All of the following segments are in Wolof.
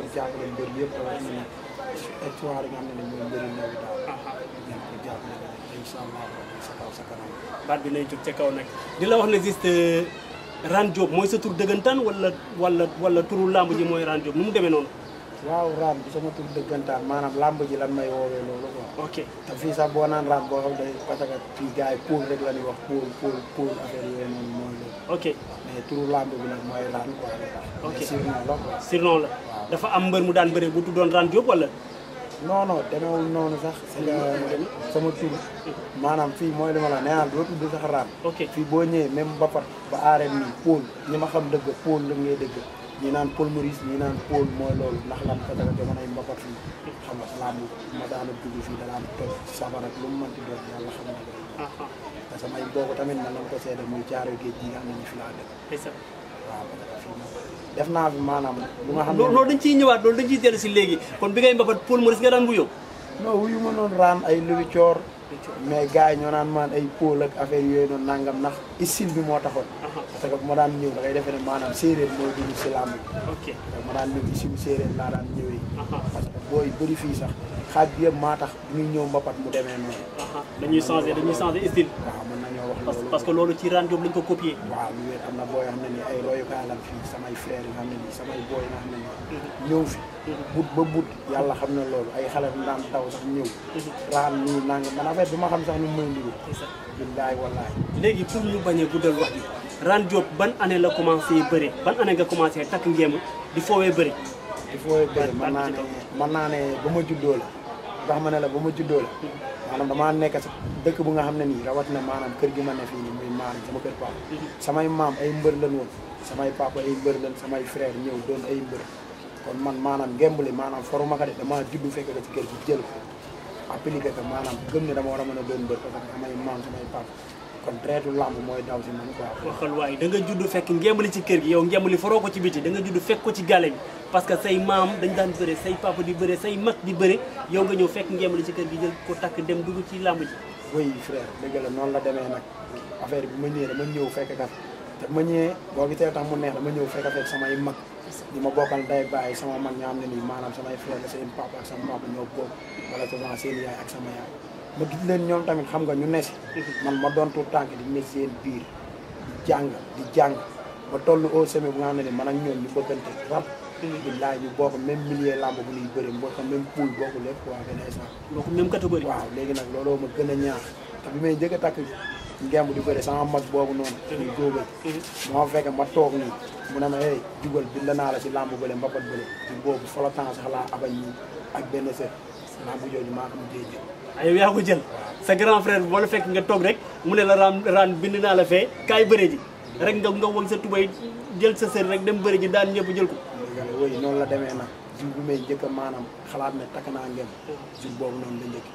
pour jàppale mbir yëpp rawatina hectare yi nga ne mooy mbiru ndaw bi lay jóg ca kaw nag di la wax ne juste euh, Rane Diop mooy sa tur dëggantaan wala wala wala turu làmb ji mooy Rane Diop nu mu demee noonu. waaw raam bi sama tur dëggantaan maanaam làmb ji lan may woowee loolu quoi. ok te fii naan raam boo xam làmb bi nag mooy raam ok surnom la quoi la. dafa am mbër mu daan bëree bu tuddoon Rane Diop wala. non non demeewul noonu sax si nga sama tur maanaam fii mooy li ma la nee naa doo tudd sax raam fii boo ñëwee même ba ba aareen nii Paul ñi ma xam dëgg Paul la ngay dëgg ñi naan Paul Maurice ñi naan Paul mooy loolu ndax lan fa dara jamonoy mbapat fii xam nga laa mu ma daana dugg fii danaan toj sabar ak lu mu mënti doon yàlla xam na te samay boobu tamit na lañ ko seede muy jaaro géej gi nga xam ne ñu fi laa dëkk def naa fi maanaam lu nga xam ne loolu dañ ciy ñëwaat loolu dañ ciy dellu si léegi kon bi ngay mbapat Paul Maurice nga daan wuyoo non wuyu ma noonu raan ay lubi coor mais gars yi ñoo naan maan ay Paul ak affaire yooyu noonu nangam nax style bi moo taxoon parce que bu ma daan ñëw da ngay defee ne maanaam séeréer mooy dugg si làmb bi ok ma daan ñëw isibu séeréer laa daan parce que booy bëri fii sax xaaj bi yëpp maa tax ñuy ñëw mbapat mu demee noonu. dañuy changé dañuy changé style. waaw mën nañoo wax loolu. parce que loolu ci Range Job lañ ko copié. waaw lu wér am na booy xam ne ni ay royukaay la fii samay frères yi nga xam ne nii samay booy yi nga xam ne nii. Mhm. ñëw fi. Mhm. but ba but yàlla xam ne loolu ay xale yu daan taw sax ñëw. Mhm. raan nii nang man affaire bi ma xam sax ni mu may ndigul. billaay wallaay. léegi pour ñu bañ a guddal wax bi Range Job ban année la commencé bëri ban année nga commencé takk ngéem di foowee bëri. di foowee bëri mën naa ne mën naa ne ba ma juddoo la tax ma ne la ba ma juddoo la maanaam damaa nekk sax dëkk bu nga xam ne nii rawat na maanaam kër gi man ne fii nii muy maanaam sama kër papa samay maam ay mbër lan woon samay papa ay mbër lan samay frère ñëw doon ay mbër kon man maanaam ngembali maanaam foruma ka de damaa juddu fekk ko ci kër gi jël ko appliqué ko maanaam gëm ne dama war a mën a doon mbër parce que samay maam samay papa kon dreetu lamb mooy daw si man quoi. waxal waaye da nga judd fekk ngémbali ci kër gi yow ngémbali foroo ko ci biti da nga judd fekk ko ci gàlle bi parce que say maam dañ daan bëre say papa di bëre say mag di bëre yow nga ñëw fekk ngémbali ci kër gi jël ko takk dem dugg ci lamb ji. oui frère dëgg la noonu la demee nag affaire bi ma ñëwee dama ñëw fekk kat te ma ñëwee boo gisee tax mu neex dama ñëw fekk fekk samay mag. di ma bokkal day bàyyi sama mag ñoo xam ne nii maanaam frère la papa sama papa ñoo bokk wala souvent seen yaay ak sama yaay. ma gis leen ñoom tamit xam nga ñu ne man ma doon tànk di ne seen biir di jàng di jàng ba toll au sommet bu nga xam ne man ak ñoom ñu bëggante rab billaay ñu bokk même milieu làmb bu ñuy bëri mbokk même poule bokk lépp waa benn léegi nag looloo ma a ñaax te bi may njëkk a di bëri sama mag boobu noonu ñu góobal mhm. moo fekk ma toog nii mu ne ma hey jugal bind naa la si làmb bële mbapat bële ci boobu folotan sax laa abañ ak benn set làmb jooju maa xam dee jël Ah, yow yaa ko jël sa grand frère wala fekk nga toog rek mu ne la raan raan bind naa la fee kaay bëre rek nga nga wag sa tubay jël sa sër rek dem bëre ji daan ñëpp jël ko woyu noonu la demee nag jur bu may njëkk maanaam xalaat ne takk naa ngeen jur boobu noonu la njëkk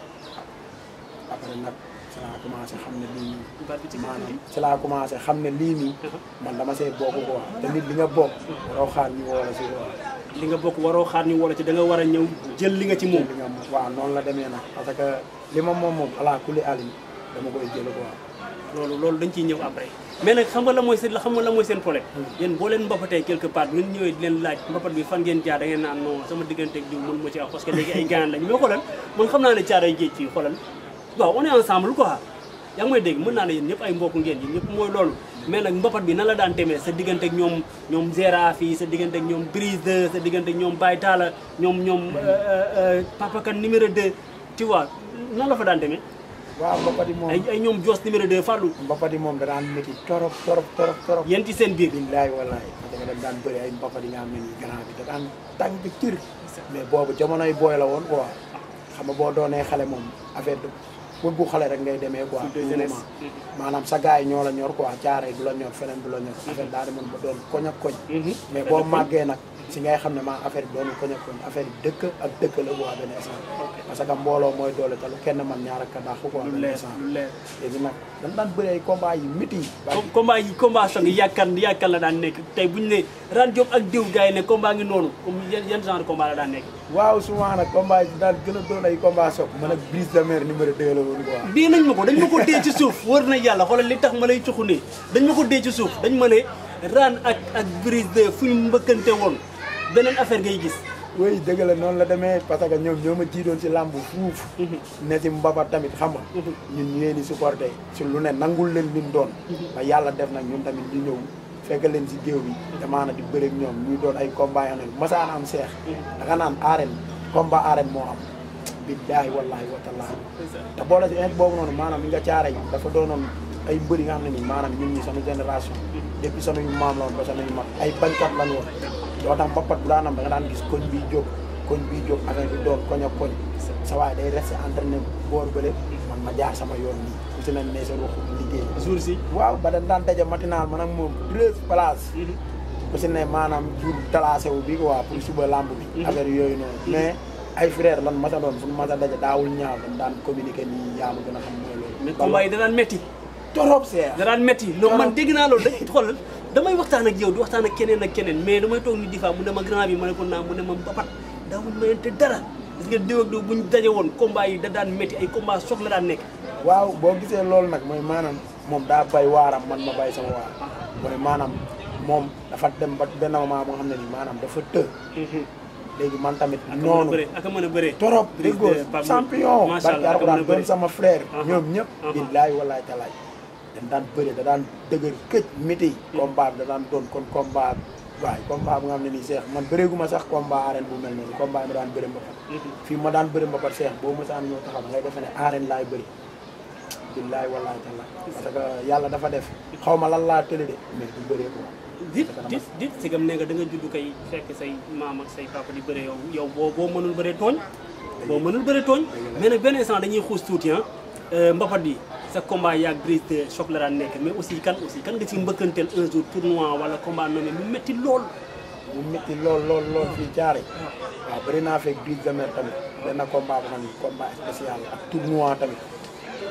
après nag ci laa commencé xam ne lii nii ci laa commencé xam ne lii nii man dama see bokk ko wax te nit li nga bokk raw xaar ñu woo la si li nga bokk waroo xaar ñu wala ci da nga war a ñëw jël li nga ci moom waaw noonu la demee nag parce que li ma moom moom ala kulli alim dama koy jël quoi loolu loolu dañ ciy ñëw après mais nag xam nga la mooy seen xam nga la mooy seen problème hmm. yéen boo leen mbapatee quelque part bu ngeen ñëwee di leen laaj mbapat bi fan mën ci wax parce que léegi ay naa ne caaray géej ci xoolal waaw on est yaa ngi dégg mën naa ne yéen ñëpp ay mbokk ngeen yi ñëpp mooy loolu mais nag mbapat bi na la daan demee sa diggante ak ñoom ñoom Gérard fii sa diggante ak ñoom Brise sa diggante ak ñoom Baye Talla ñoom ñoom hmm. euh, euh, euh, Papa Kane numéro 2 tu vois nan la fa daan demee. waaw mbapat yi moom ay ay ñoom Jos numéro 2 Fallou. mbapat yi moom danaan métti torop torop torop torop. yéen seen biir. billaay wallaay dama dem daan bëri ay mbapat yi nga xam ne nii grand bi da daan tàng cër. mais boobu jamonoy booy la woon quoi xam nga boo doonee xale moom affaire ba xale rek ngay demee ko tout maanaam sa gars yi ñoo la ñor quoi caare du la ñor feneen du la ñor mhm. affaire daal di ba doon koñ ak koñ mhm. mais boo màggee nag si ngay xam ne maa affaire bi doonu koñ ak koñ affaire bi dëkk ak dëkk la quoi benn instant parce que doole te lu kenn man ñaar ak dàq quoi benn instant léegi nag dañ daan la daan nekk tey buñu ne Rane Diop ak diw gars yi ne combat ngi noonu yan genre a la daan nekk waaw souvent nag combat yi daal gën a doon ay combat soog man ak brise de mer numéro 2 la woon quoi bii nañ ma ko dañ ma ko dee ci suuf wër na yàlla xoolal li tax ma lay cuxu nii dañ ma ko dee ci suuf ma ne ran ak ak brise de fu ñu mbëkkante woon beneen affaire ngay gis oui dëgg la noonu la demee parce que ñoom ñoo ma jiitoon si làmb fuuf. Mhm. ne si mbapat tamit xam nga. Mhm. ñun ñu leen di supporté si lu ne nangul leen li doon. Mhm. ba yàlla def nag ñun tamit ñu ñëw. fekk leen si géew bi damaana di bëri ñoom ñuy doon ay combat yoo xam ne masaan am seex danga naan arène combat arène moo am billaahi wallaahi wa taalaa te boole si int boobu noonu maanaam li nga caare yi dafa doonoon ay mbëri nga xam ne nii maanaam ñun ñi sama génération depuis sama maam la woon ba sama mag ay bañkat lan woon doo tax mbapat bu daanam da daan gis koñ bi jóg koñ bi jóg a bi door koñ ak koñ sa waay day resté entraîné boor bële man ma sama yoon nii ku si mel ne sa ruux liggéey jour si waaw ba dañ daan daje matinal man ak moom treize place mhm. ku si ne maanaam jur talaase wu bi quoi pour suba lamb bi mhm. affaire mhm. da daan métti torop seer da daan métti loolu man dégg naa loolu dañ xoolal damay waxtaan ak yow di waxtaan ak keneen ak keneen mais damay toog ni difa mu ne ma grand bi ma ne ko naa mu ne ma bapat daawuñ mayante dara nga diw buñ daje woon combat da daan métti ay combat la daan nekk waaw boo gisee loolu nag mooy maanaam moom daa bay waaram man ma bay sama waar mooy maanaam moom dafa dem ba benn moment moo xam maanaam dafa të mhm. léegi man tamit noonu ak mën a bëree torop déggoo champion barki alxuraan doon sama frère ñoom ñëpp billaay walaay talaay dañ daan bëree da daan dëgër këj métti mhm. combat bi da daan doon kon combat waaw combat bu nga xam ne nii seex man bëreeguma sax combat arène bu mel noonu combat yi ma daan bëri mbapat fii ma daan bëri mbapat seex boo mosaan ñoo taxaw ngay defe ne arène laay bëri billaay wallaay taala parce que yàlla dafa def xaw ma lan laa tëli de mais du bëree ko dit nga da nga judd kay fekk say maam ak say papa di bëre yow yow boo boo mënul bëree tooñ boo mënul bëri tooñ mais nag benn instant dañuy xuus tuuti ah euh, mbapat bi sa combat yaag Brise de choc la daan nekk mais aussi kan aussi kan nga ci mbëkkanteel un jour tournoi combat nommé mu métti lool. mu métti lool lool lool fii jaare waaw bëri naa fekk Brise de Mer tamit benn combat boo xam combat spécial ak tournoi tamit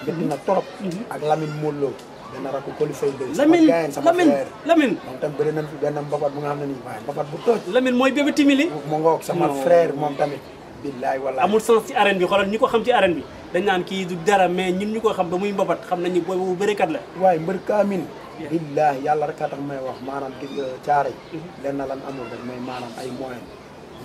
métti na trop mhm. ak Lamine Molo benn rakku colifay de Lamine Lamine Lamine moom sama frère moom tamit billaay wallaay amul sens ci arène bi xoolal ñi ko xam ci arène bi dañ naan kii du dara mais ñun ñu ko xam ba muy mbabat xam nañu booy boobu kat la waaye mbër kaamin billaahi yàlla rek a tax may wax maanaam di caare mm-hmm. lenn lan amul rek may maanaam ay moyen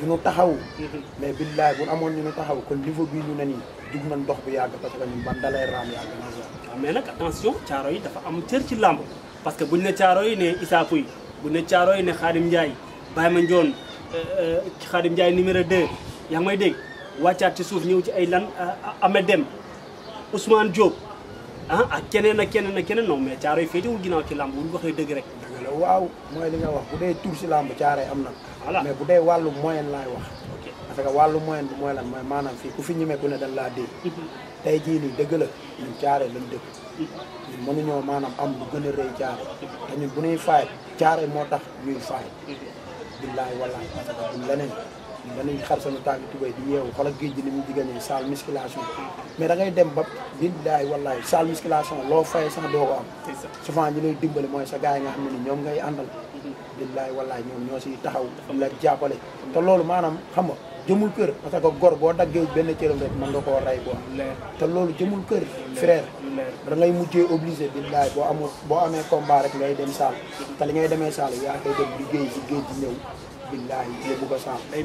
ñu taxaw mm-hmm. mais billaahi bu amoon ñu nu taxaw kon niveau bi ñu ne nii jug nañ dox bi yàgg parce que ñun ban dalay raam yàgg na waaw ah, mais nag attention caaro yi dafa am cër ci làmb parce que bu buñ ne caaro yi ne Issa bu buñ ne caaro yi ne Khadim Ndiaye Baye Mandione euh, euh, Khadim Ndiaye numéro 2 yaa ngi may dégg wàccaat ci suuf ñëw ci ay lan ah, ah, Ahmed Deme Ousmane Diop ah ak keneen ak keneen ak keneen non mais caaroy féetewul ginnaaw ci làmb bu ñu waxee dëgg rek. dëgg la waaw mooy li nga wax bu dee tur si làmb caaroy am na. voilà mais bu dee wàllu moyen laay wax. parce que wàllu moyen bi mooy lan mooy maanaam fii ku fi ñemee ku ne dañ laa dee. Mm-hmm. tey jii nii dëgg la ñun caaroy lañ dëkk. Mm-hmm. ñun mënuñoo maanaam am lu gën a rëy caaroy mm-hmm. te ñun bu ñuy faay caaroy moo tax ñuy faay. billaay wallaay parce que leneen. danañ xar sama tànk tubéy di yeewu xoolal géej gi ni muy diggante nii salle musculation mais da ngay dem ba billaay wallaay salle musculation loo fay sax doo ko am. ñu lay dimbali mooy sa gars yi nga xam ne ni ñoom ngay àndal. Mm-hmm. billaay wallaay ñoom ñoo siy taxaw la jàppale. te loolu maanaam xam nga jëmul kër parce que gor boo daggee benn cëram rek mën nga koo rey boo te loolu jëmul kër frère da ngay mujjee obligé billaay boo amul boo amee combat rek ngay dem saal mm-hmm. te li ngay demee saal yaa koy dem liggéey liggéey di ñëw billaay yóbbu saal